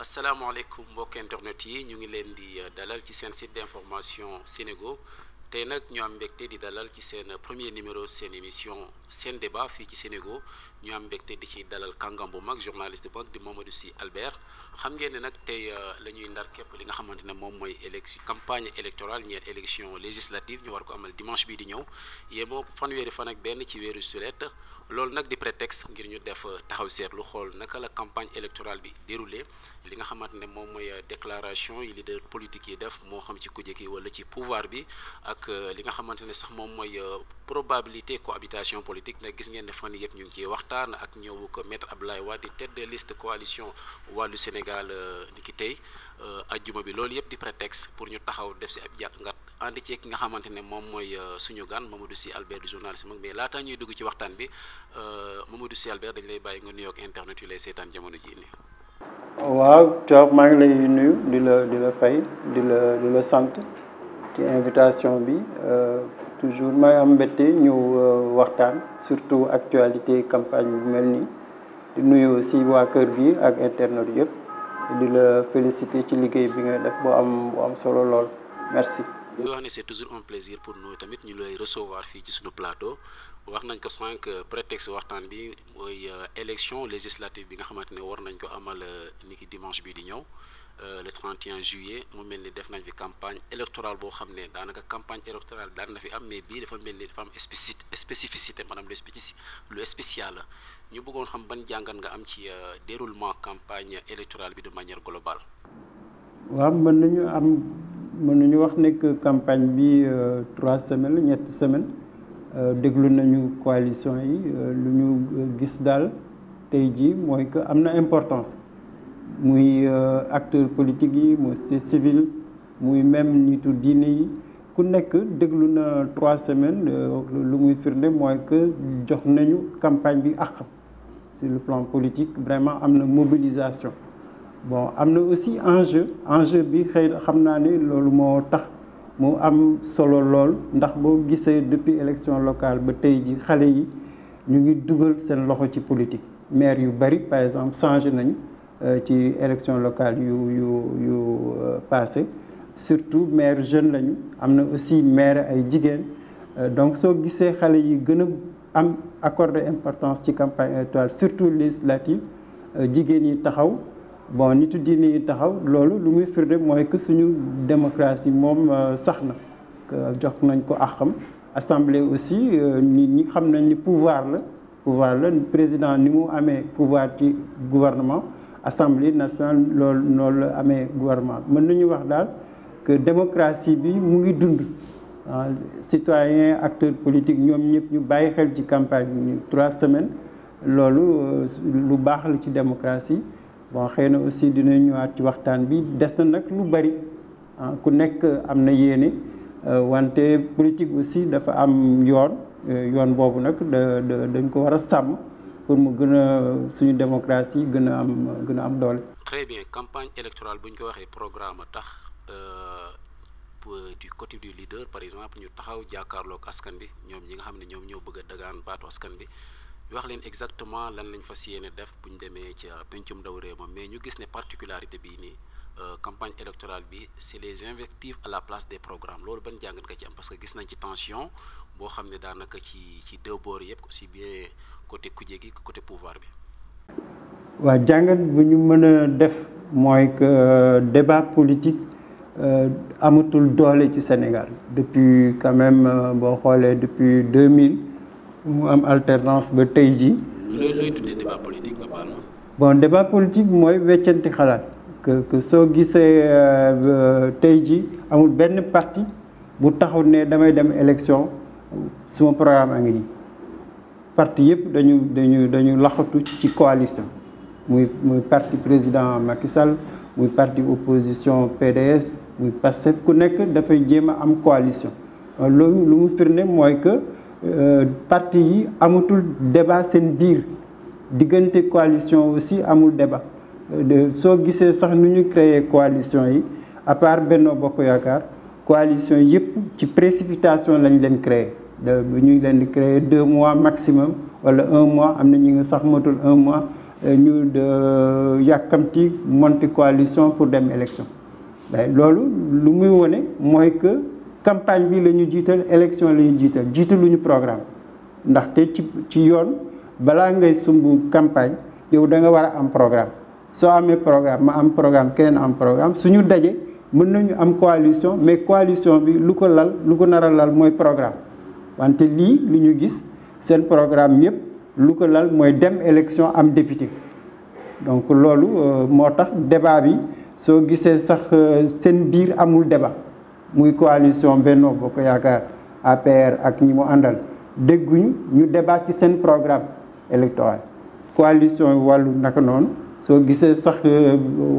asalaamaaleykum mbokk internet yi ñu ngi leen di euh, dalal ci seen site d'information Sénégo tey nag ñu am mbégte di dalal ci seen premier numéro seen émission seen débat fii ci Sénégo ñu am mbégte di ci dalal kàngam bu mag journaliste bu mag di Mamadou Sy Albert xam ngeen ne nag tey euh, la ñuy ndar képp li nga xamante ne moom mooy élection campagne électorale ñeent élection législative ñu war ko amal dimanche bii di ñëw yé moo fanweeri fan ak benn ci weeru sulet loolu nag di prétexte ngir ñu def euh, taxaw seetlu xool naka la campagne électorale bi déroulé li nga xamante ne moom mooy euh, déclaration yi leader politique yi def moo xam ci kuje ki wala ci pouvoir bi ak euh, li nga xamante ne sax moom mooy euh, probabilité cohabitation politique nag gis ngeen ne fan yëpp ñu ngi ciy waxtaan ak ñëwu ko maître Abdoulaye waa di tête de liste coalition wàllu Sénégal ni ki tey ajjuma bi loolu yëpp di prétexte pour ñu taxaw def si ab jàngat àndi ci ki nga xamante ne moom mooy suñu gan Mamadou Sy Albert du journaliste mag mais laataa ñuy dugg ci waxtaan bi Mamadou Sy Albert dañ lay bàyyi nga nuyoog internet yu lay seetaan jamono jii nii waaw Thiaw maa ngi lay nuyu di la di la fay di la di la sant ci invitation bi euh, toujours may am mbette ñu euh, waxtaan surtout actualité campagne bu mel ni di nuyoo aussi waa kër gi ak internet yëpp di la félicité ci liggéey bi nga def bu am am solo lool merci. di wax ne c'est toujours un plaisir pour nous tamit ñu lay recevoir fii ci suñu plateau wax nañ ko sànq prétexte waxtaan bi mooy euh, élection législative bi nga xamante ne war nañ ko amal euh, ni ki dimanche bii di ñëw euh, le 31 juillet mu mel ni def nañ fi campagne électorale boo xam ne daanaka campagne électorale daan na fi am mais bii dafa mel ni dafa am spéci spécificité maanaam lu spécifi lu spécial la ñu bëggoon xam ban jàngat nga am ci déroulement campagne électorale bi de manière globale. mën mënuñu wax nekk campagne bi euh, trois semaines ñetti semaines euh, déglu nañu coalition yi euh, lu ñu gis daal tey jii mooy que am na importance muy acteur politique yi muy civil muy même nitu diine yi ku nekk déglu na trois semaines lu muy firnde mooy que jox nañu campagne bi àq sur le plan politique vraiment am na mobilisation bon am na aussi enjeu enjeu bi xëy na xam naa ne loolu moo tax mu am solo lool ndax boo gisee depuis élection locale ba tey ji xale yi ñu ngi dugal seen loxo ci politique maire yu bari par exemple changé nañu euh, ci élection locale yu yu yu euh, passé surtout maire jeune lañu am na aussi maire ay jigéen euh, donc soo gisee xale yi gën a am accorde importance ci campagne électorale surtout législative jigéen yi taxaw bon nitu diine yi taxaw loolu lu muy firnde mooy que suñu démocratie moom euh, sax na jox nañ ko axam assemblée aussi euh, ni ñi xam nañ ni pouvoir la pouvoir la président ni mu amee pouvoir ci gouvernement assemblée nationale loolu noonu la amee gouvernement mën nañu wax daal que démocratie bi mu ngi dund ah, citoyen acteur politique ñoom ñëpp ñu bàyyi xel ci campagne ñu trois semaines loolu euh, lu baax la ci démocratie bon xëy na aussi dina ñëwaat ci waxtaan bi des na nag lu bari ah ku nekk am na yéene euh, wante politique aussi dafa am yoon euh, yoon boobu nag da dañ ko war a sàmm pour mu gën a suñu démocratie gën a am gën a am doole. très bien campagne électorale bu ñu ko waxee programme tax euh, du côté du leader par exemple ñu taxaw jàkkaarloog askan bi ñoom ñi nga xam ne ñoom ñoo bëgg a dagaan baatu askan bi. wax leen exactement lan lañ fas yéene def bu ñu demee ci pencum ndaw réew ma mais ñu gis ne particularité bii ni euh, campagne électorale bi c'est les invectives à la place des programmes loolu ban jàngat nga ci am parce que gis nañ ci tension boo xam ne daanaka ci ci deux bords yëpp aussi bien côté kuje gi côté pouvoir bi. waaw jàngat bu ñu mën a def mooy que euh, débat politique euh, amatul doole ci Sénégal depuis quand même boo xoolee depuis 2000. mu am alternance ba tey jii. bon débat politique mooy weccanti xalaat que que soo gisee euh, tey jii amul benn parti bu taxaw ne damay dem élection suma programme a ngi nii parti yëpp dañu dañu dañu laxatu ci coalition muy muy parti président Macky Sall muy parti opposition PDS muy PASTEF ku nekk dafay jéem a am coalition loolu euh, lu mu firnde mooy que. Euh, parti yi amatul débat seen biir diggante coalition aussi amul débat euh, soo gisee sax nu ñu créer coalition yi à part Benno Bokk Yaakaar coalition yëpp ci précipitation lañ leen créer bu ñu leen di créer deux mois maximum wala un mois am na ñu nga sax matul un mois euh, ñu de yàkkamti monte coalition pour dem élection loolu lu muy wone mooy que campagne bi la ñu jiital élection la ñu jiital jiitaluñu programme ndaxte ci ci yoon balaa ngay sumb campagne yow da nga war a am programme soo amee programme ma am programme keneen am programme suñu daje mën nañu am coalition mais coalition bi lu ko lal lu ko nar a lal mooy programme wante lii lu ñu gis seen programme yëpp lu ko lal mooy dem élection am député donc loolu euh, moo tax débat bi soo gisee sax euh, seen biir amul débat muy coalition Benno Bokk Yaakaar APR ak ñi mu àndal dégguñu ñu debaat ci seen programme électoral coalition wàllu naka noonu soo gisee sax euh,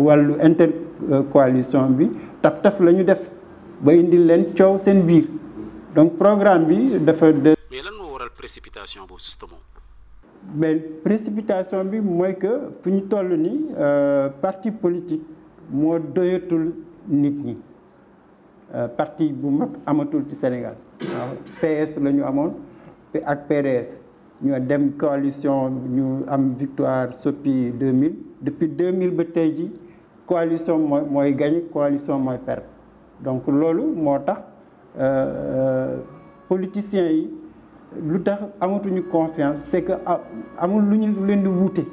wàllu intercoalition euh, bi tax taf la ñu def ba indil leen coow seen biir donc programme bi dafa de. mais lan moo waral précipitation boobu justement. mais précipitation bi mooy que fu ñu toll nii euh, parti politique moo doyatul nit ñi. Euh, parti bu mag amatul ci Sénégal waaw PS la ñu amoon ak PDS ñoo dem coalition ñu am victoire Sopi 2000 depuis mille ba tey ji coalition mooy mooy gagné coalition mooy perdre donc loolu moo tax euh, euh, politiciens yi lu tax amatuñu confiance c'est que amul lu ñu leen di wuute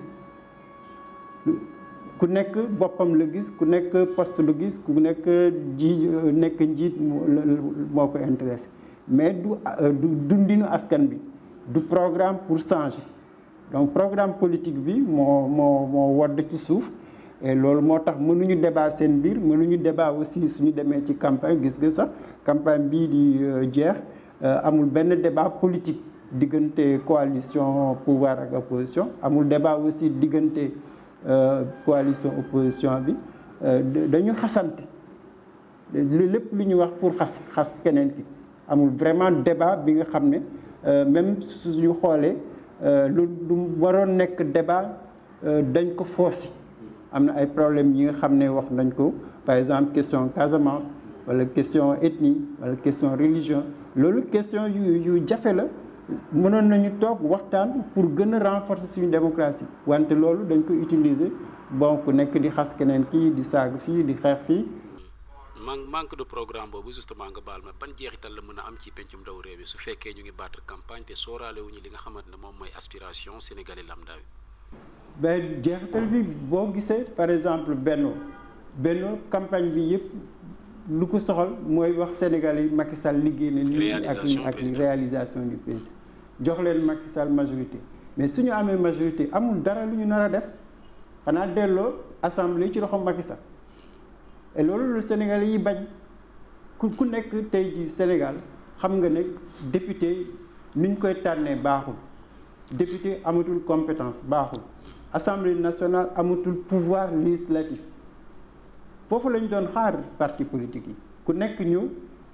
ku nekk boppam la gis ku nekk poste la gis ku nekk ji nekk njiit moo ko intéressé mais du euh, du dundinu askan bi du programme pour changer donc programme politique bi moo moo moo wadd ci suuf et loolu moo tax mënuñu débat seen biir mënuñu débat aussi suñu demee ci campagne gis nga sax campagne bii di euh, jeex euh, amul benn débat politique diggante coalition pouvoir ak opposition amul débat aussi diggante Euh, coalition opposition bi euh, dañu xasante lépp lu ñu wax pour xas xas keneen ki amul vraiment débat bi nga xam ne euh, même suñu xoolee lu lu waroon nekk débat dañ ko foosi am na ay problème yi nga xam ne wax nañ ko par exemple question Casamance wala question ethnie wala question religion loolu question yu yu jafe la mënoon nañu toog waxtaan pour gën a renforcer suñu démocratie wante loolu dañ ko utiliser bon ku nekk di xas keneen kii di saag fii di xeex fii. man manque de programme boobu justement nga baal ma ban jeexital la mën a am ci pencum ndaw réew yi su fekkee ñu ngi battre campagne te sóoraale wu ñu li nga xamante ne moom mooy aspiration sénégalais lambda bi. ben jeexital bi boo gisee par exemple Benno Benno campagne bi yëpp. lu ko soxal mooy wax Sénégal yi Macky Sall liggéey na lii ak lii ak lii réalisation du président jox leen Macky Sall majorité mais su ñu amee majorité amul dara lu ñu nar a def xanaa delloo assemblée ci loxo Macky Sall et loolu lu Sénégal yi bañ ku ku nekk tey ji Sénégal xam nga ne député ni ñu koy tànnee baaxul député amatul compétence baaxul assemblée nationale amatul pouvoir législatif foofu la ñu doon xaar parti politique yi ku nekk ñëw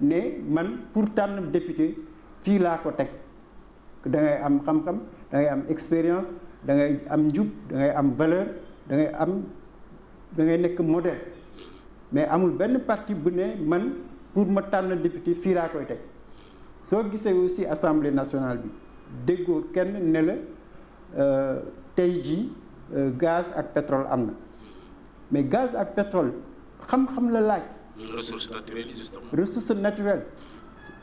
ne man pour tànn député fii laa ko teg dangay am xam-xam da am expérience da ngay am njub da ngay am valeur da ngay am da ngay nekk modèle mais amul benn parti bu ne man pour ma tànn député fii laa koy teg soo gisee aussi assemblée nationale bi déggoo kenn ne la euh, tey jii euh, gaz ak pétrole am na mais gaz ak pétrole xam-xam la laaj. ressource naturelle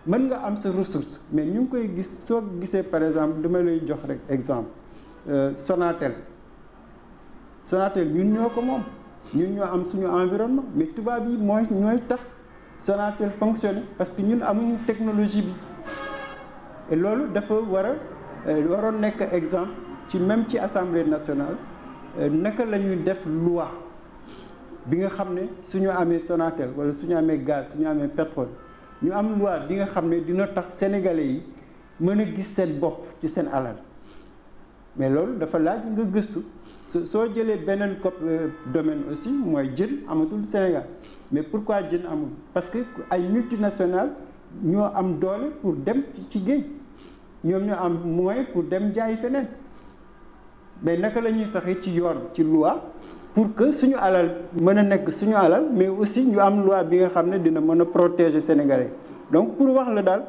mën nga am sa ressource mais ñu ngi koy gis soo gisee par exemple dama lay jox rek exemple euh, Sonatel Sonatel ñun ñoo ko moom. ñun ñoo am suñu environnement mais tubaab yi mooy ñooy tax Sonatel fonctionner parce que ñun amuñu technologie bi loolu dafa war a euh, waroon nekk exemple ci même ci assemblée nationale euh, naka lañuy ñuy def loi. bi nga xam ne suñu amee Sonatel wala suñu amee gaz suñu amee pétrole ñu am loi bi nga xam ne dina tax sénégalais yi mën a gis seen bopp ci seen alal mais loolu dafa laaj nga gëstu soo jëlee beneen cop euh, domaine aussi mooy jën amatul Sénégal mais pourquoi jën amul parce que ay multinationales ñoo am doole pour dem ci géej ñoom ñoo am moyen pour dem jaay feneen mais naka la ñuy fexe ci yoon ci loi pour que suñu alal mën a nekk suñu alal mais aussi ñu am loi bi nga xam ne dina mën a protéger sénégalais donc pour wax la daal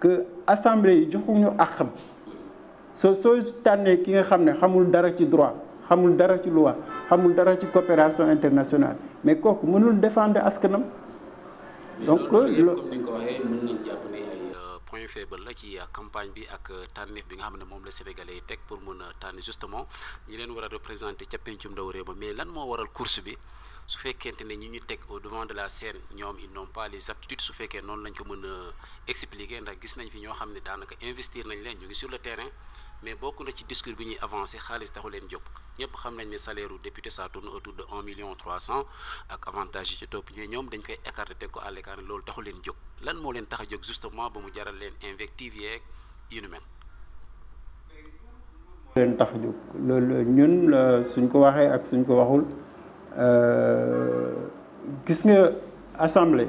que assemblée yi joxuñu ak xam soo soo tànnee ki nga xam ne xamul dara ci droit xamul dara ci loi xamul dara ci coopération internationale mais kooku mënul défendre askanam donc loolu ko point faible la ci euh, campagne bi ak euh, tànneef bi nga xam ne moom la sénégalais yi teg pour mën a tànn justement ñi leen war a représenter ca pencum ndaw réew ma mais lan moo waral course bi su fekkente ne ñi ñu teg au devant de la scène ñoom ils n'ont pas les aptitudes su fekkee noonu lañ ko mën a expliquer ndax gis nañ fi ñoo xam ne daanaka investir nañ leen ñu ngi sur le terrain mais bokk na ci discours bi ñuy avancé xaalis taxu leen jóg ñëpp xam nañ ne salaire u député ça tourne autour de un million trois cent ak avantage yi ci topp ñoom dañ koy écarté teg ko à l'écart loolu taxu leen jóg lan moo leen taxa a jóg justement ba mu jaral leen invective yeeg yu nu jóg loolu ñun euh, suñ ko waxee ak suñ ko waxul euh, gis nga assemblée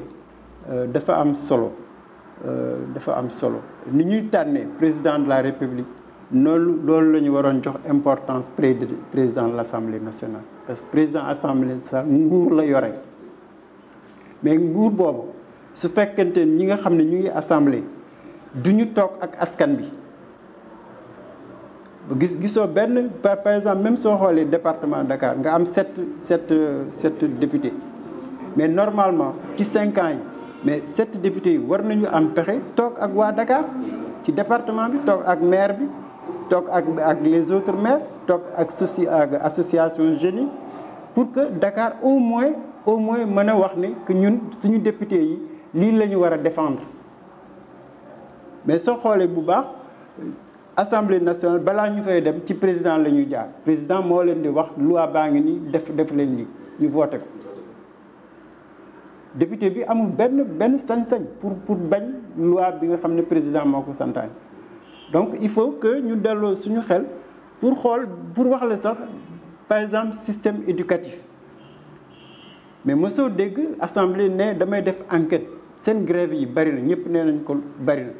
euh, dafa am solo dafa am solo ni ñuy tànnee président de la république noonu loolu la ñu waroon jox importance président de l' assemblée nationale parce que président assemblée nationale nguur la yore mais nguur boobu su fekkente ñi nga xam ne ñu ngi assemblée du ñu toog ak askan bi gis gisoo benn par exemple même soo xoolee département Dakar nga am sept sept sept députés mais normalement ci cinq yi mais sept députés yi war nañu am pexe toog ak waa Dakar ci département bi toog ak maire bi toog ak ak les autres maires toog ak souci ak association jeunes pour que Dakar au moins au moins mën a wax ne que ñun suñu député yi lii la ñu war a défendre mais soo xoolee bu baax assemblée nationale balaa ñu fay dem ci président la ñuy jaar président moo leen di wax loi baa ngi nii def def leen lii ñu voté ko député bi amul benn benn sañ-sañ pour pour bañ loi bi nga xam ne président moo ko santaane donc il faut que ñu delloo suñu xel pour xool pour wax la sax par exemple système éducatif mais mosoo dégg assemblée ne damay def enquête seen grève yi bari la ñëpp nee nañ ko bari la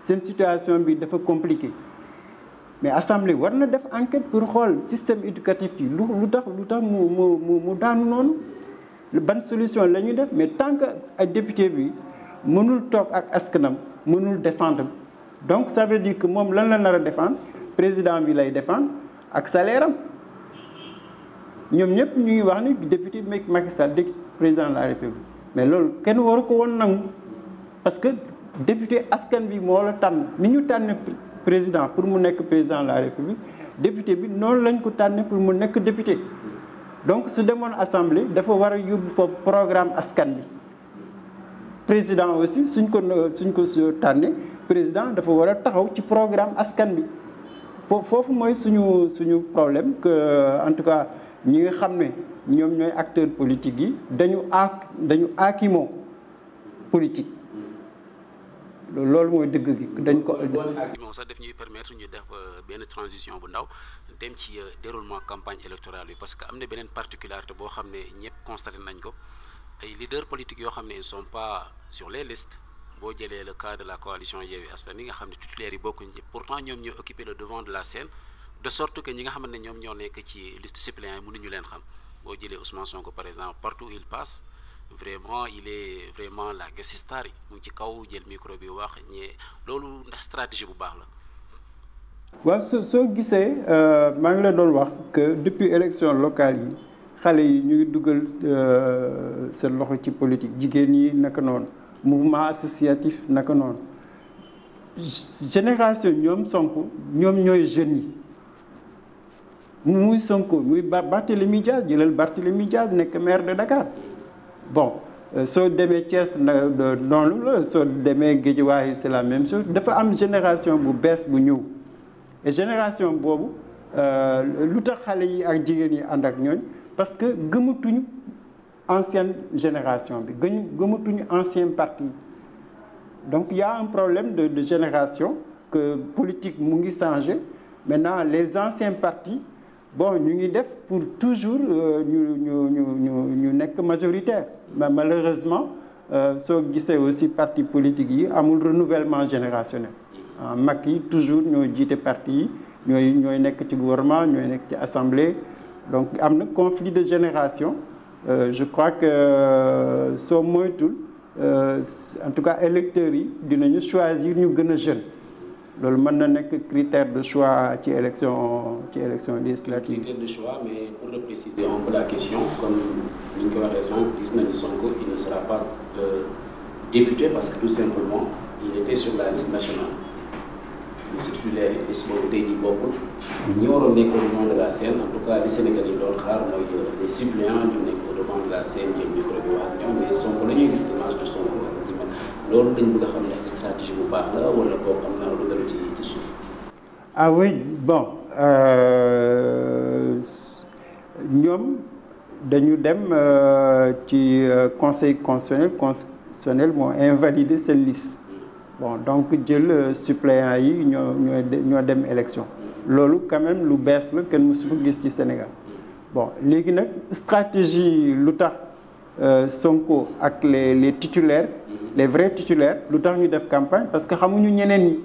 seen situation bi dafa compliquée mais assemblée war na def enquête pour xool système éducatif bi lu lu tax lu tax mu mu mu daanu noonu ban solution la ñuy def mais tant que ay député bi mënul toog ak askanam mënul défendre donc ça veut que moom lan la nar a défendre président bi lay défendre ak salaire am ñoom ñëpp ñu ngi wax ni député Macky Sall dé président de la république mais loolu kenn waru ko woon nangu parce que député askan bi moo la tànn ni ñu tànn président pour mu nekk président de la république député bi noonu lañ ko tànn pour mu nekk député donc su demoon assemblée dafa war a yóbbu foofu programme askan bi président aussi suñ ko suñ ko tànnee président dafa war a taxaw ci programme askan bi foofu mooy suñu suñu problème que en tout cas ñi nga xam ne ñoom ñooy acteur politiques yi dañu ak dañu aakimoo politique loolu mooy dëgg gi dañ ko. aakimoo sax def ñuy permettre ñu def euh, benn transition bu ndaw dem ci euh, déroulement campagne électorale bi parce que am ne beneen particularité boo xam ne ñëpp constaté nañ ko. ay leaders politiques yoo xam ne ils pas sur les listes boo jëlee le cas de la coalition Yewwi Askan Wi nga xam ne titulaires yi bokkuñ ci pourtant ñoom ñoo occupé le devant de la scène de sorte que ñi nga xamante ne ñoom ñoo nekk ci liste suppléants yi mënuñu leen xam boo jëlee Ousmane Sonko par exemple partout où il passe vraiment il est vraiment la guest star yi mu ci kaw jël micro bi wax ñee loolu ndax stratégie bu baax la. waaw soo soo gisee euh, maa ngi la doon wax que depuis locale xale yi ñuy dugal euh, seen loxo ci politique jigéen yi naka noonu mouvement associatif naka noonu génération ñoom Sonko ñoom ñooy jeunes yi muy Sonko muy Barthélémy Dias jëlal Barthélémy Dias nekk maire de Dakar bon euh, soo demee na noonu la soo demee Guédiawaye c'est la même chose dafa am génération bu bees bu ñëw génération boobu euh, lu tax xale yi ak jigéen yi ànd ak ñooñ parce que gëmatuñu ancienne génération bi gëñu gëmatuñu ancien parti donc y a problème de, de génération que politique mu ngi changé maintenant les anciens parti bon ñu ngi def pour toujours euh, ñu ñu ñu ñu ñu nekk majoritaire mais malheureusement euh, soo gisee aussi parti politique yi amul renouvellement générationnel ah, mag yi toujours ñoo jiite parti ñooy ñooy nekk ci gouvernement ñooy nekk ci assemblée donc am na conflit de génération euh, je crois que euh, soo moytul euh, en tout cas électeurs yi dinañu choisir ñu gën a jeune loolu mën na nekk critère de choix ci élection ci élection législative. critère de choix mais pour le préciser un peu la question comme ni ñu ko waxee sànq gis nañu Sonko il ne sera pas député parce que tout simplement il était sur la liste nationale. liste titulaire yi liste boobu tey jii bokkul ñi waroon nekk de la scène en tout cas li Sénégal yi doon xaar mooy euh, les suppléants ñu nekk au devant de la scène yéen micro bi wax ñoom mais Sonko la ñuy gis loolu dañ bëgg a xam ne stratégie bu baax la wala boobu am na lu dalu ci suuf ah oui bon euh, ñoom dañu dem euh, ci conseil constitutionnel constitutionnel moo invalider seen liste bon donc jël euh, suppléants yi ñoo ñoo ñoo dem élection loolu quand lu bees la kenn mësu ko gis ci Sénégal bon léegi nag stratégie lu tax euh, Sonko ak les les titulaires les vrais titulaires lu tax ñu def campagne parce que xamuñu ñeneen suñu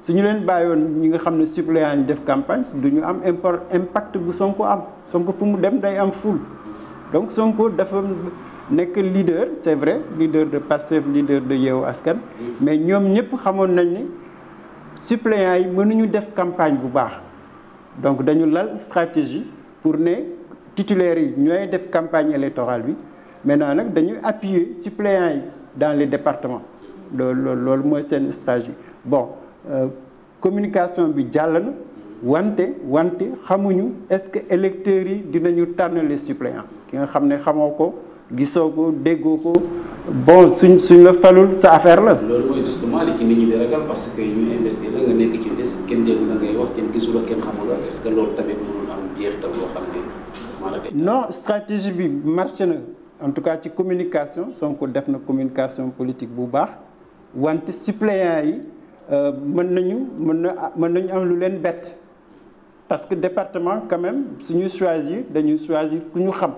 su ñu leen bàyyoon ñi nga xam ne suppléants ñu def campagne du ñu am import impact bu Sonko am Sonko fu mu dem day am foule donc Sonko dafa nekk leader c'est vrai leader de Pastef leader de Yewwi Askan mais ñoom ñëpp xamoon nañ ni suppléants yi mënuñu def campagne bu baax donc dañu lal stratégie pour ne titulaires yi ñooy def campagne électorale bi maintenant nag dañuy appuyer suppléants yi dans les départements loolu loolu mooy seen stratégie bon euh, communication bi jàll na wante wante xamuñu est-ce que électeurs yi dinañu tànn les ki nga xam ne xamoo ko gisoo ko déggoo ko bon suñ suñ la falul sa affaire la. loolu mooy justement li ci nit ñi di ragal parce que ñu investir la nga nekk ci liste kenn déggu la ngay wax kenn gisul kenn xamul ak est que loolu tamit mënul stratégie bi marché na en tout cas ci communication Sonko def na communication politique bu baax wante suppléants yi euh, mën nañu mën na mën nañu am lu leen bett parce que département quand même suñu choisir dañuy choisir ku ñu xam.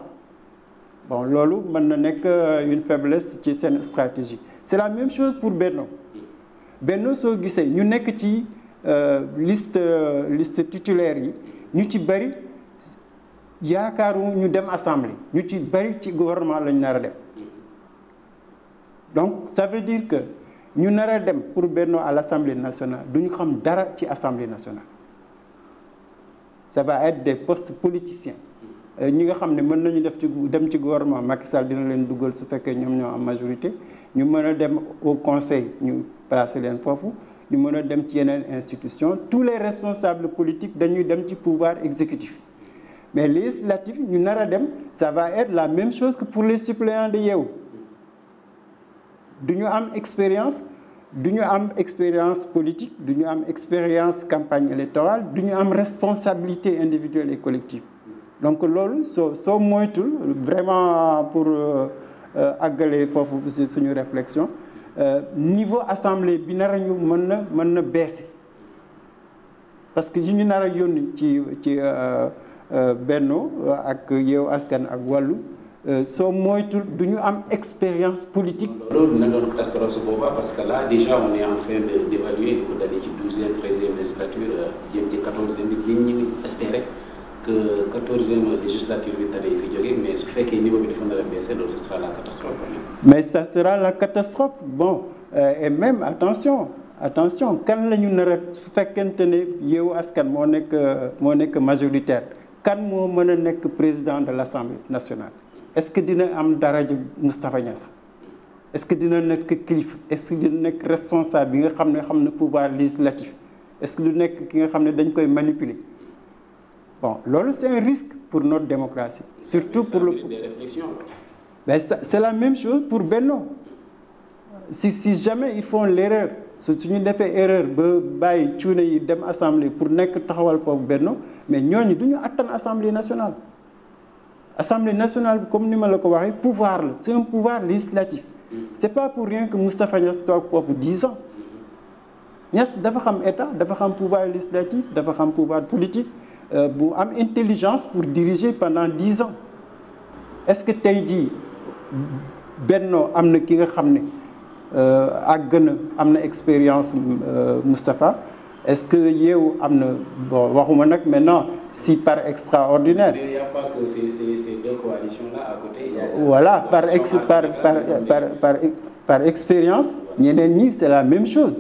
bon loolu mën na nekk euh, une faiblesse ci seen stratégie c'est la même chose pour Benno Benno soo gisee ñu nekk ci euh, liste euh, liste titulaire yi ñu ci bëri yaakaaru ñu dem assemblée ñu ci bëri ci gouvernement lañu nar a dem donc ça veut dire que ñu nar a dem pour Benno à l'Assemblée nationale du ñu xam dara ci Assemblée nationale ça va être des post politiciens Euh, ñi nga xam ne mën nañu def ci dem ci gouvernement Macky Sall dina leen dugal su fekkee ñoom ñoo am majorité ñu mën a dem au conseil ñu placer leen foofu ñu mën a dem ci yeneen institution tous les responsables politiques dañuy dem ci pouvoir exécutif mais législatif ñu nar a dem ça va être la même chose que pour les suppléants de Yewwi du ñu am expérience du ñu am expérience politique du ñu am expérience campagne électorale du ñu am responsabilité individuelle et collective donc loolu soo soo moytul vraiment pour euh, àggale foofu suñu réflexion euh, niveau assemblée bi nar ñu mën na mën na beesi parce que yi ñu nar a yónni ci ci euh, Benno ak Yewwi Askan ak Wallu soo moytul du ñu am expérience politique. loolu dina doon catastrophe su parce que là déjà on est en train d'évaluer di ko dalee ci douzième treizième législature jëm ci quatorzième bi nit ñi espérer. que quatorzième législature bi tare fi jógee mais su fekkee niveau bi dafa nar a baissé loolu ce sera la catastrophe même. mais ça sera la catastrophe bon euh, et même attention attention kan la ñu nar su fekkente ne Yewwi Askan moo nekk moo nekk majoritaire kan moo mën a nekk président de l' assemblée nationale est-ce que dina am daraja Moustapha Niass est-ce que dina nekk kilifa est-ce que dina nekk responsable bi nga xam ne xam na pouvoir législatif est-ce nekk ki nga xam ne dañ koy manipuler. bon loolu c'est un risque pour not démocratie surtout pour le mais c'est la même chose pour Benno si si jamais ils font l'erreur su suñu defee erreur ba bàyyi cuune yi dem assemblée pour nekk taxawal foofu Benno mais ñooñu du ñu attan assemblée nationale assemblée nationale comme ni ma la ko waxee pouvoir la c'est un pouvoir législatif mm-hmm. c'est pas pour rien que Moustapha Niass toog foofu dix ans mm-hmm. Niass dafa xam état dafa xam pouvoir législatif dafa xam pouvoir politique Euh, bu am intelligence pour diriger pendant dix ans est-ce que tey jii Benno am na ki nga xam ne euh, àgg na am na expérience euh, Moustapha est-ce que Yewwi am na bon waxuma nag maintenant si par extraordinaire. il n'y voilà par ex par par par par expérience ñeneen c'est la même chose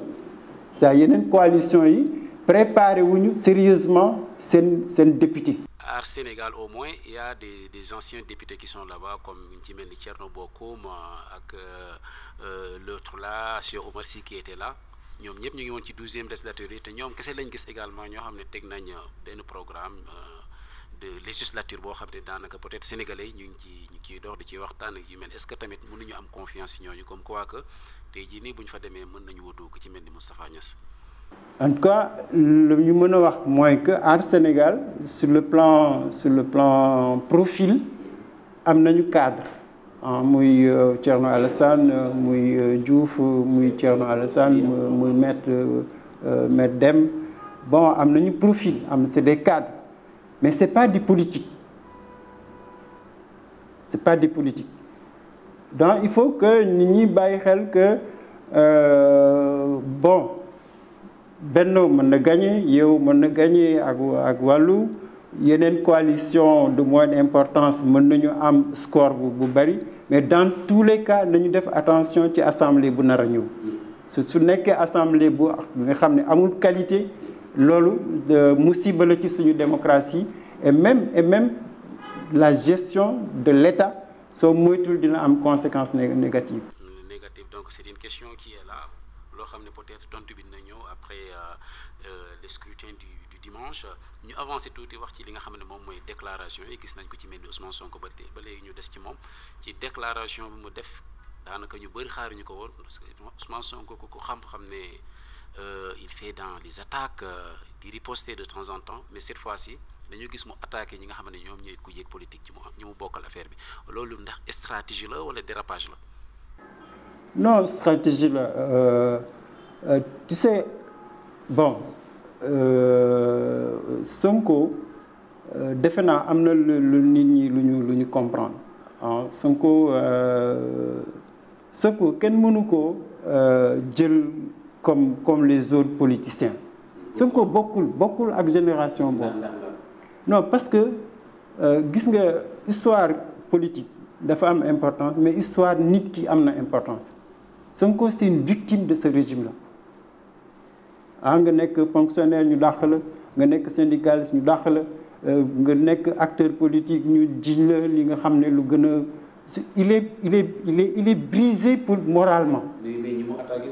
c'est-à-dire yeneen coalition yi préparé wuñu sérieusement seen seen député. Aar Sénégal au moins il des des anciens députés qui sont là-bas comme ñu ci mel ni Thierno Bocoum euh, ak euh, euh, l'autre là Cheikh Oumar Sy qui était là ñoom ñëpp ñu ngi woon ci douzième législature yi te ñoom kese lañ gis également ñoo xam ne teg nañ benn programme de législature boo xam ne daanaka peut-être sénégalais ñu ngi ci ñu ciy dox di ciy waxtaan ak yu mel est-ce que tamit mën nañu am confiance ci ñooñu comme quoi que tey jii nii bu ñu fa demee mën nañu wóotu ku ci mel ni Moustapha en tout cas lu ñu mën a wax mooy que Art Sénégal sur le plan sur le plan profil am nañu cadre ah muy euh, Thierno Alassane muy euh, Diouf muy Thierno Alassane muy maître euh, Dem bon am nañu profil am c'est des cadres mais c'est pas du politique c'est pas du politique donc il faut que nit ñi bàyyi xel que bon. Benno mën na gagné yow mën na gagné ak ak wàllu yeneen coalition de moindre importance mën nañu am score bu bu bëri mais dans tous les cas nañu def attention ci assemblée bu nar a ñëw su su nekkee assemblée bu nga xam ne amul qualité loolu musiba la ci suñu démocratie et même et même la gestion de l'État soo moytul dina am conséquence négative. Euh, négative donc c'est une question qui est là loo xam ne peut-être tontu bi nañu après euh, euh, le scrutin du du dimanche ñu avancé tuuti wax ci li nga xam ne moom mooy déclaration yi gis nañ ko ci mel ni Ousmane Sonko ba ba léegi ñu des ci moom ci déclaration bi mu def daanaka ñu bëri xaaruñu ko woon parce que Ousmane ko ku xam-xam ne euh, il fait dans les attaques di riposter de temps en temps mais cette fois si dañu gis mu attaqué ñi nga xam ne ñoom ñooy ku yéeg politique ci mu ñu mu bokkal affaire bi loolu ndax stratégie la wala dérapage la. la bon euh, Sonko euh, defe naa am na lu nit ñi lu ñu lu ñu comprendre ah Sonko euh, Sonko kenn mënu ko jël comme comme les autres politiciens Sonko bokkul bokkul ak génération boobu non parce que gis nga histoire politique dafa am importance mais histoire nit ki am na importance Sonko c'est une victime de ce régime-là ah nga nekk fonctionnaire ñu dàq la nga nekk syndicaliste ñu dàq la euh, nga nekk acteur politique ñu jiñ la li nga xam ne lu gën a il est il est il est il est brisé pour moralement. mais ñi mu attaqué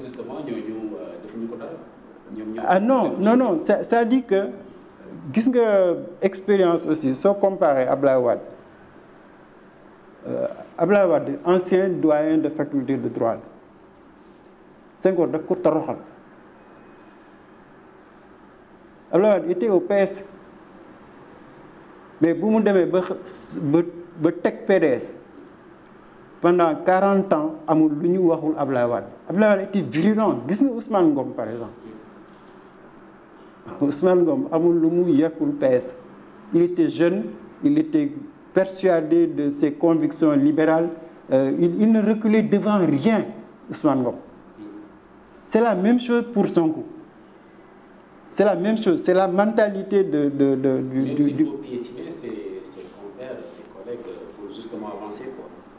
euh, ah, non non non c' est à dire que gis nga expérience aussi soo comparé Ablaye Wade euh, Ablaye Wade ancien doyen de faculté de droit la Senghor daf ko toroxal. alors était au pes mais bu mu demee ba ba teg PDS pendant quarante ans amul lu ñu waxul Ablaye Wade Ablaye Wade était virulent gis nga Ousmane par exemple Ousmane Ngom amul lu mu yekkul PS il était jeune il était persuadé de ses convictions libérales euh, il, il ne reculait devant rien Ousmane Ngom c'est la même chose pour Sonko C'est la même chose, c'est la mentalité de, de, de du... Même s'il faut piétiner ses,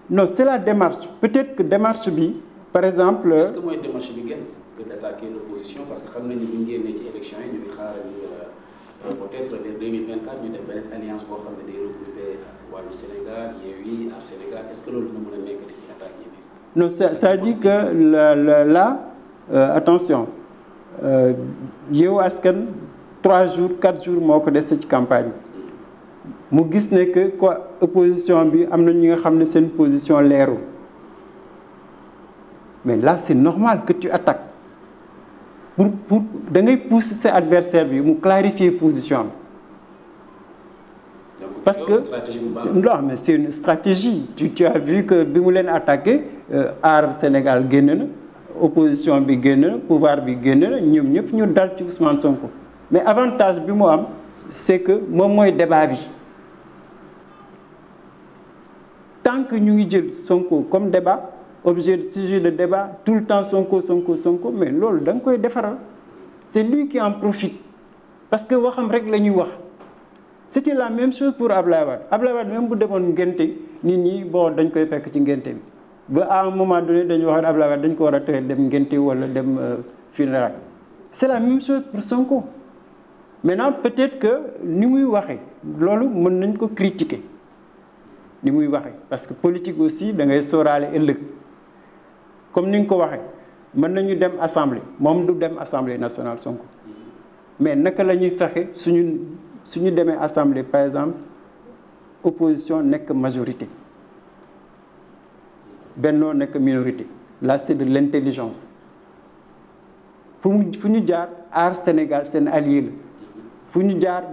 Non, c'est la démarche. Peut-être que démarche bi, par exemple... Est-ce que mooy démarche bi que d'attaquer l'opposition parce que xam nañu bu ñu euh, euh, alliance boo xam ne day regrouper wàllu Sénégal Yewwi a nekkati Euh, Yewwi Askan trois jours quatre jours moo ko dese ci campagne mu gis ne que quoi opposition bi am na ñi nga xam ne seen position leerul mais là c'est normal que tu attaques pour pour da ngay pousser sa adversaire bi mu clarifier position bi parce que non mais c'est une stratégie tu, tu vu que bi mu leen attaqué euh, aar Sénégal génne na opposition bi génn na pouvoir bi génn na ñoom ñëpp ñu dal ci Ousmane Sonko mais avantage bi mu am c'est que moom mooy débat bi tant que ñu ngi jël Sonko comme débat objet sujet de débat tout le temps Sonko Sonko Sonko mais loolu da nga koy defaral c'est lui qui en profite parce que waxam rek la ñuy wax c'était la même chose pour Ablaye Wade Ablaye Wade même bu demoon ngénte nit ñi bon dañ koy fekk ci ngénte bi ba à un moment donné dañu waxoon Abdoulaye Wade dañ ko war a tere dem ngénte wala dem euh, funérailles c'est la même chose pour Sonko maintenant peut-être que ni muy waxee loolu mën nañ ko critiquer ni muy waxee parce que politique aussi da ngay sóoraale ëllëg comme ni nga ko waxee mën nañu dem assemblée moom du dem assemblée nationale Sonko mais naka la ñuy fexe suñu suñu demee assemblée par exemple opposition nekk majorité bennoo nekk minorité là c'est de l'intelligence fu fu ñu jaar aar Sénégal seen allié la fu ñu jaar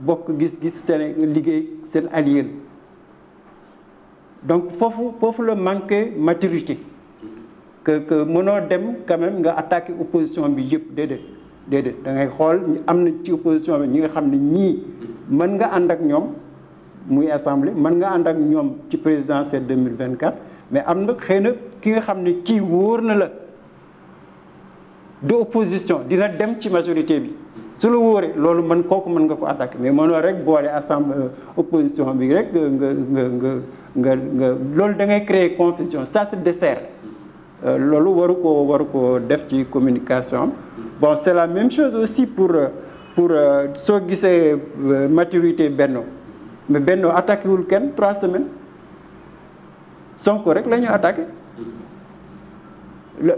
bokk gis-gis seen liggéey seen allié la donc foofu foofu la manqué maturité que que mënoo dem quand nga attaqué opposition bi yëpp déedéet déedéet da ngay xool am na ci opposition bi ñi nga xam ne ñii mën nga ànd ak ñoom muy assemblée mën nga ànd ak ñoom ci présidentielle 2024 mais am na xëy na ki nga xam ne kii wóor na la du opposition dina dem ci majorité bi su la wóoree loolu mën kooku mën nga ko attaque mais mënoo rek boole assemblée euh, opposition bi rek nga nga nga nga loolu da ngay créer confusion ça te dessert euh, loolu waru ko waru ko def ci communication bon c'est la même chose aussi pour euh, pour soo gisee maturité bennoo mais Benno attaqué wul kenn trois semaines Sonko rek la ñu attaqué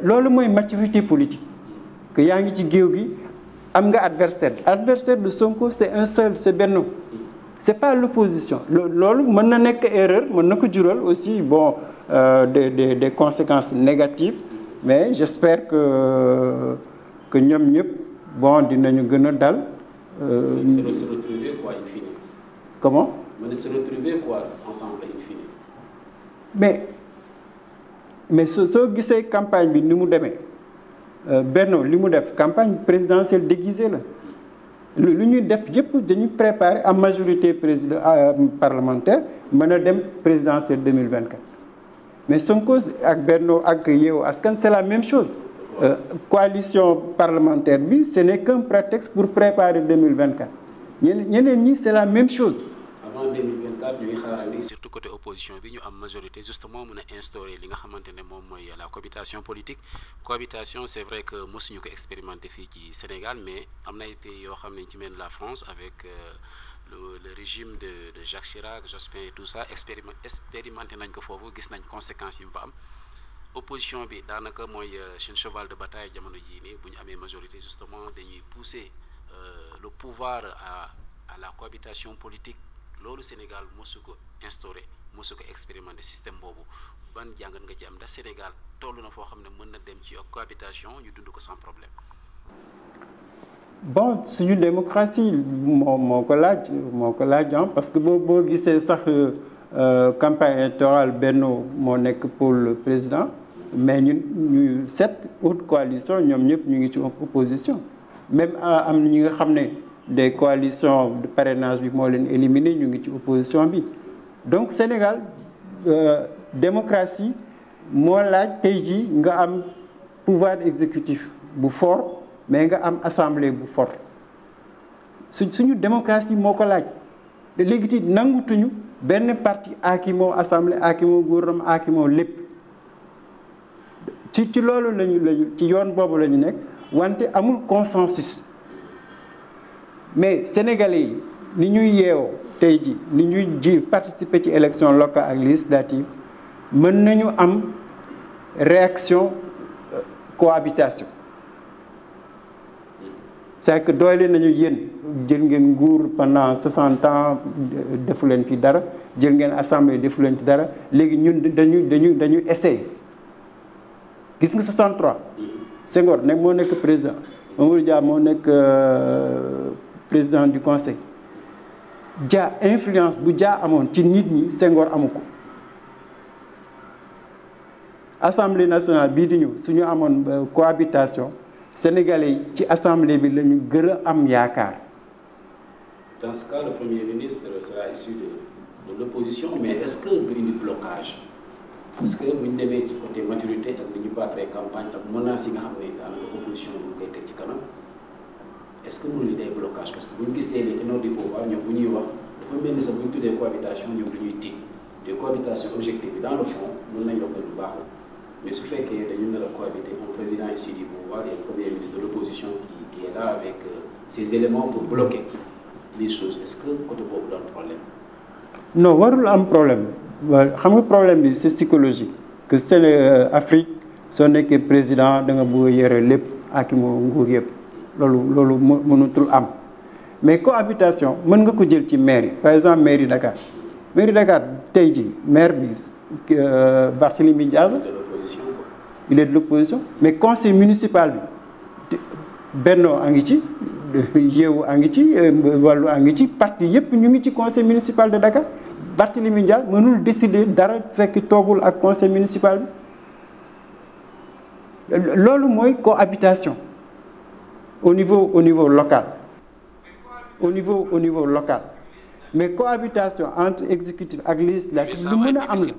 loolu mooy maturité politique que yaa ngi ci géew bi am nga adversaire adversaire de Sonko c'est un seul c'est Benno c'est pas l'opposition loolu mën na nekk erreur mën na ko jural aussi bon euh, des des des conséquences négatives mais j'espère que que ñoom ñëpp bon dinañu gën a dal. Euh, comment. mais mais soo soo gisee campagne bi ni mu demee euh, Benno li mu def campagne présidentielle déguisée la lu ñuy def yëpp dañuy préparer en majorité président euh, parlementaire mën a dem présidentielle 2024 mais Sonko ak Benno ak Yewwi Askan c'est la même chose euh, coalition parlementaire bi ce n'est qu'un prétexte pour préparer 2024 ñeneen ñi c'est la même chose avant 2024 surtout côté opposition bi ñu am majorité justement mun a instaurer li nga xamante ne moom mooy la cohabitation politique cohabitation c' est vrai que mosuñu ko expérimenter fii ci Sénégal mais am na ay yoo xam ne ci mel la France avec. Euh, Le, le régime de de Jacques Chirac Jospin et tout ça expérime nañ ko foofu gis nañ conséquence yi mu fa am opposition bi daanaka mooy euh, seen cheval de bataille jamono jii nii bu ñu amee majorité justement dañuy pous euh, le pouvoir à à la cohabitation politique loolu Sénégal mosu ko instauré mosu ko expérimenté système boobu ban jàngat nga ci am ndax Sénégal toll na foo xam ne mën na dem ci cohabitation ñu dund ko san problème. bon suñu démocratie moo moo ko laaj moo ko laaj ah parce que boo boo gisee sax euh, euh, campagne électorale Benno moo nekk pour le président mais ñun ñu sept autres coalitions ñoom ñëpp ñu ngi ci opposition même euh, am na ñi nga xam ne. des coalitions de parrainage bi moo leen éliminé ñu ngi ci opposition bi donc Sénégal euh, démocratie moo laaj tey jii nga am pouvoir exécutif bu fort mais nga am assemblée bu fort su suñu démocratie moo ko laaj te léegi ti nangutuñu benn parti aakimoo assemblée aakimoo gouvernement aakimoo lépp ci ci loolu lañu lañu ci yoon boobu la ñu nekk wante amul consensus mais sénégal yi ni ñuy yeewoo tey ji ni ñuy ji participer ci élection locale ak législative mën nañu am réaction euh, cohabitation cest à doyle nañu yéen jël ngeen nguur pendant 60 ans defu leen fi dara jël ngeen assemblée defu leen fi dara léegi ñun dañu dañu dañu essayer gis nga 63 Senghor nag moo nekk président Mamadou Dia moo nekk euh, président du conseil Dia influence bu jaa amoon ci nit ñi Senghor amu ko assemblée nationale bii di ñëw suñu amoon euh, cohabitation sénégalais yi ci assemblée bi lañu ñu gën a am yaakaar. dans ce cas le premier ministre sera issu de de mais est-ce que parce que bu ñu demee ci côté maturité ak ni ñu battre campagne mën menaces yi nga xam ne daanaka opposition bi koy teg ci kanam. est-ce que mënuñu day blocage parce que bu ñu gisee ni tenor du pouvoir ñoom bu ñuy wax dafa mel ni sax bu ñu tuddee cohabitation ñoom du ñuy tiit te cohabitation objectif bi dans le su fekkee dañu nar a cohabiter un président issu euh, que côté boobu warul am problème xam nga problème bi c'est psychologique que c'est euh, l'Afrique soo nekkee président da nga bëgg a lépp ak mu nguur yëpp. loolu loolu mënutul am mais cohabitation mën nga ko jël ci mairie par exemple mairie Dakar mairie Dakar tey ji maire bi euh, Barthélémy Dias la il est de l'opposition mais conseil municipal bi Benno a ngi ci Yewwi a ngi ci euh, wàllu a ngi ci parti yépp ñu ngi ci conseil municipal de Dakar Barthélémy Dias mënul décider dara fekk toogul ak conseil municipal bi loolu mooy cohabitation au niveau au niveau local au niveau au niveau local mais cohabitation entre exécutif ak législatif lu mën a am la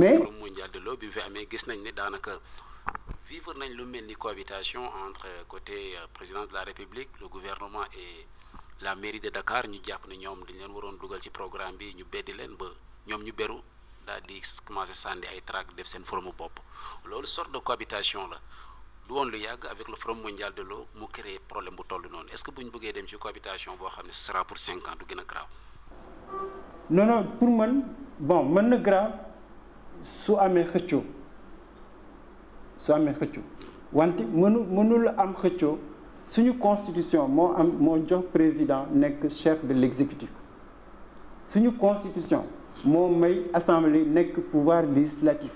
mais vivre nañ lu mel ni cohabitation entre côté euh, président de la république le gouvernement et la mairie de Dakar ñu jàpp ne ñoom dañ leen waroon dugal ci programme bi ñu beddi leen ba ñoom ñu beru daal di commencé sànni ay tract def seen forme bopp loolu sorte de cohabitation la du woon lu yàgg avec le forum mondial de l'eau mu créé problème bu toll noonu est-ce que bu ñu bëggee dem ci cohabitation boo xam ne ce sera pour cinq ans du gën a grave. non pour man bon mën na grave su amee xëccoo su amee wante mënu mënul am xëccoo suñu constitution moo am moo jox président nekk chef de l'exécutif suñu constitution moo may assemblée nekk pouvoir législatif.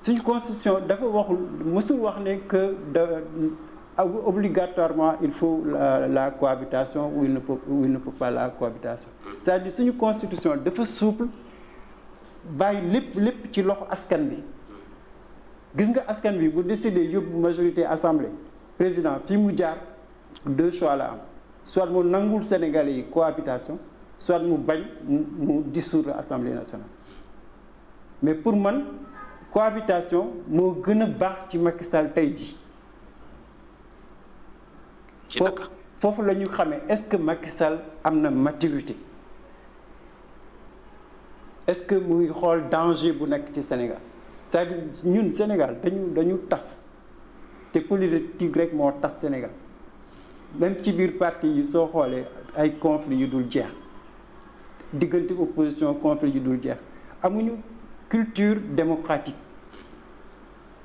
suñu constitution dafa waxul mësul wax ne que da euh, obligatoirement il faut la, la cohabitation ou il ne peut ou il ne peut la cohabitation cest dire suñu constitution dafa souple bàyyi lépp lépp ci loxo askan bi gis nga askan bi bu décider yóbbu majorité assemblée président fii mu jaar deux choix la am soit mu nangul Sénégalais yi cohabitation soit mu bañ mu dissoudre assemblée nationale mais pour man cohabitation moo gën a baax ci Macky tey ji ci foofu la ñu xamee est-ce que Macky Sall am na maturité est-ce que mu ngi xool danger bu nekk ci Sénégal cest à ñun Sénégal dañu dañu tas te politique rek moo tas Sénégal même ci biir parti yi soo xoolee ay conflits yu dul jeex diggante opposition conflits yu dul jeex amuñu. culture démocratique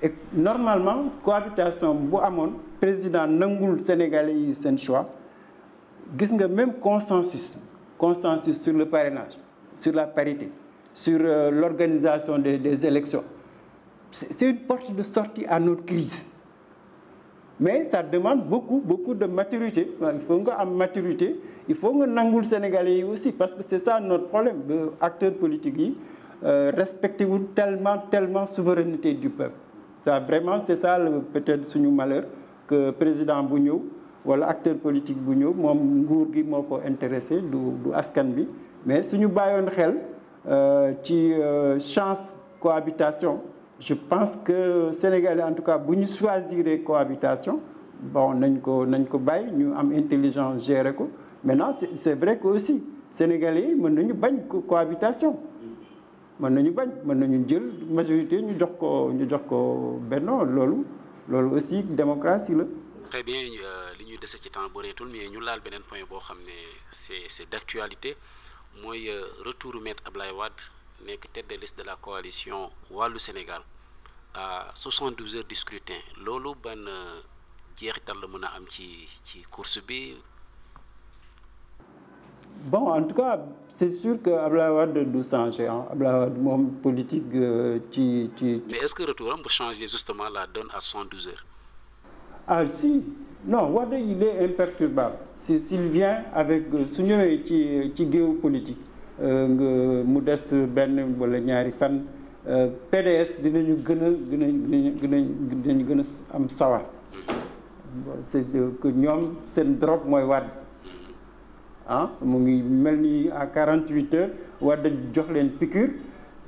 e normalement cohabitation bu amoon président nangul sénégalais yi seen choix gis nga même consensus consensus sur le parrainage sur la parité sur euh, l'organisation des des élections c'est une porte de sortie à notre crise mais ça demande beaucoup beaucoup de maturité il faut nga am maturité il faut nga nangul sénégalais yi aussi parce que c'est ça notre problème acteurs politiques yi Euh, respecté wu tellement tellement souveraineté du peuple ça vraiment c'est ça le peut-être suñu malheure que président bu ñëw wala acteur politique bu ñëw moom nguur gi moo ko intéressé du du askan bi mais suñu bàyyoon xel euh, ci euh, chance cohabitation je pense que Sénégalais en tout cas bu ñu choisir cohabitation bon nañ ko nañ ko bàyyi ñu am intelligence gere ko mais maintenant c'est vrai que aussi Sénégalais yi mën nañu bañ cohabitation mën nañu bañ mën nañu jël majorité ñu jox ko ñu jox ko Benno loolu loolu aussi démocratie la. très bien euh, li ñuy dese ci temps bëreetul mais ñu laal beneen point boo xam ne c'est c'est d'actualité mooy euh, retour maître Ablaye Wade nekk tête de liste de la coalition wàllu Sénégal à 72 heures du scrutin loolu ban euh, jeexital la mën a am ci ci course bi. bon en tout cas c'est sur que Abdoulaye Wade du changé ah Abdoulaye Wade moom politique euh, ci ci. mais est-ce que changer justement la donne à 72 heures. ah si non Wade il est imperturbable si s'il vient avec euh, su ñëwee ci ci géopolitique euh, nga mu des benn wala ñaari fan PDS dinañu gën a gën a gën a dinañu gën am sawar mm. c'est que ñoom seen drop mooy Wade. ah mu ngi mel ni à 48 heures war dañ jox leen piqûre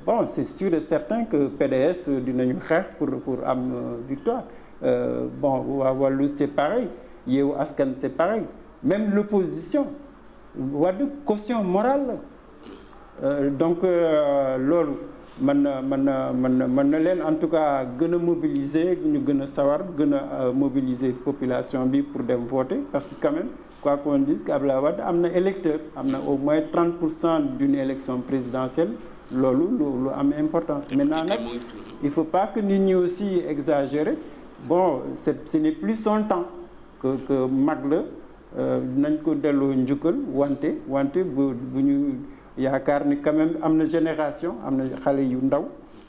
bon c' est sûr et certain que PDS dinañu xeex pour pour am euh, victoire euh, bon waa wàllu est pareil Yewwi Askan c' est même l' opposition Wade caution morale euh, donc euh, loolu mën na mën na mën na mën na leen en tout cas gën a mobiliser ñu gën a sawar gën a euh, mobiliser population bi pour dem voter parce que quand même quoi qu'on dise qu'Abdoulaye Wade am na électeur am na au moins 30 pour cent d'une élection présidentielle loolu lu am importance maintenant nag il faut pas que nit ñi aussi exagérer bon c'est ce n'est plus son temps que que mag la euh, nañ ko delloo njukkal wante wante bu bu ñu yaakaar ni quand même am na génération am na xale yu ndaw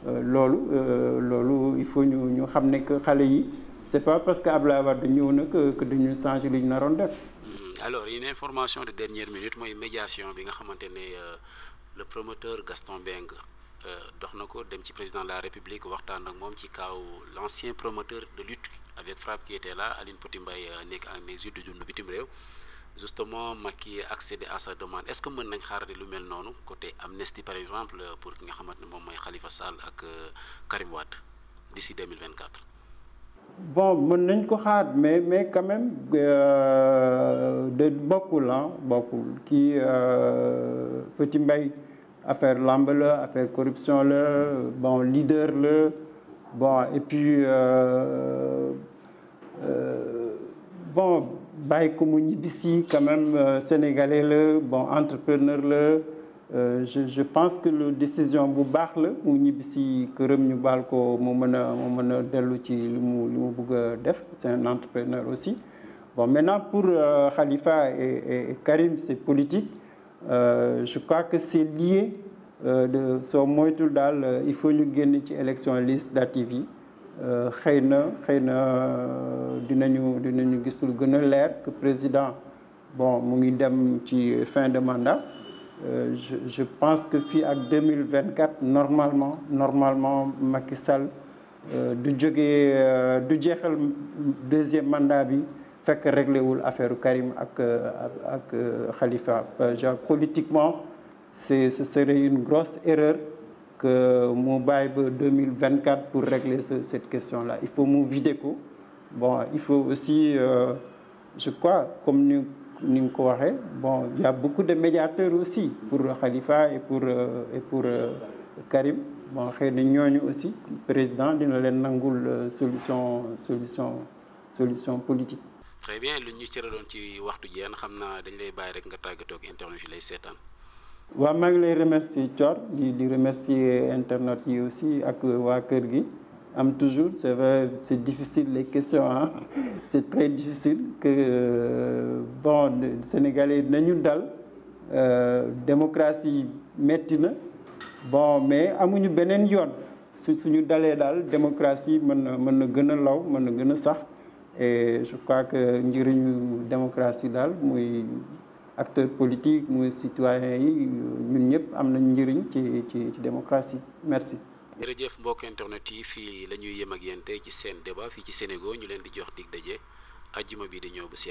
euh, loolu euh, loolu il faut ñu ñu xam ne que xale yi c'est pas parce que Abdoulaye Wade ñëw na que que dañu changer li ñu naroon def alors une information de dernière minute mooy médiation bi nga xamante ne euh, le promoteur Gaston Mbengue euh, dox na ko dem ci président de la république waxtaan ak moom ci kaaw l' ancien promoteur de lutte avec FRAPP qui était là Aline Poti Mbaye euh, nekk en exil du dund bitim réew justement Macky accédé à sa demande est ce que mën nañ xaarati lu mel noonu côté amnistie par exemple pour ki nga xamante ne moom mooy Khalifa Sall ak Karim Wade d'ici 2024 bon mën nañ ko xaat mais mais quand même euh, de bokkul ah bokkul kii euh, Petit mbay affaire lamb la affaire corruption la bon leader la bon et puis euh, bon bàyyi ko mu ñibbisi quand même la bon entrepreneur la Euh, je je pense que lu décision bu baax la mu ñibbi si këram ñu baal ko mu mën a mu mën a dellu ci li mu li mu bëgg a def c'est un entrepreneur aussi bon maintenant pour euh, Khalifa et, et Karim c'est politique euh, je crois que c'est lié de soo moytul daal il faut ñu génn ci élection législative yi xëy na xëy na dinañu dinañu gis lu gën a leer que président bon mu ngi dem ci fin de mandat Euh, je pense que fii ak deux mille vingt quatre normalement normalement Macky Sall euh, du jógee euh, du jeexal deuxième mandat bi fekk réglé wul affaire Karim ak ak Khalifa genre politiquement c'est ce serait une grosse erreur que mu bàyyi ba deux mille vingt quatre pour régler ce, cette question là il faut mu vider ko il faut aussi je crois comme ni ni nga ko waxee bon y a de médiateur aussi pour Khalifa et pour euh, et pour euh, Karim bon xëy na ñooñu aussi président dina leen nangul euh, solution solution solution politique. très bien lu ñu cëraloon ci waxtu jeen xam naa dañ lay bàyyi rek nga tàggatoo ak internet yi lay seetaan. waaw maa lay remercier Thior di di remercier internet yi aussi ak waa kër gi. am toujours c'est vrai c'est les questions ah très difficile que euh, bon sénégalais nañu dal euh, démocratie metti na bon mais amuñu beneen yoon su suñu dalee daal démocratie mën na mën na gën a law mën na gën a sax e je crois que njëriñu démocratie daal muy acteur politique muy citoyen yi ñun ñëpp am nañ njëriñ ci ci ci démocratie merci jërëjëf mbokk internet yi fii la ñuy yem ak yéen tey ci seen débat fii ci Sénégal ñu leen di jox dig daje ajjuma bi di ñëw bu si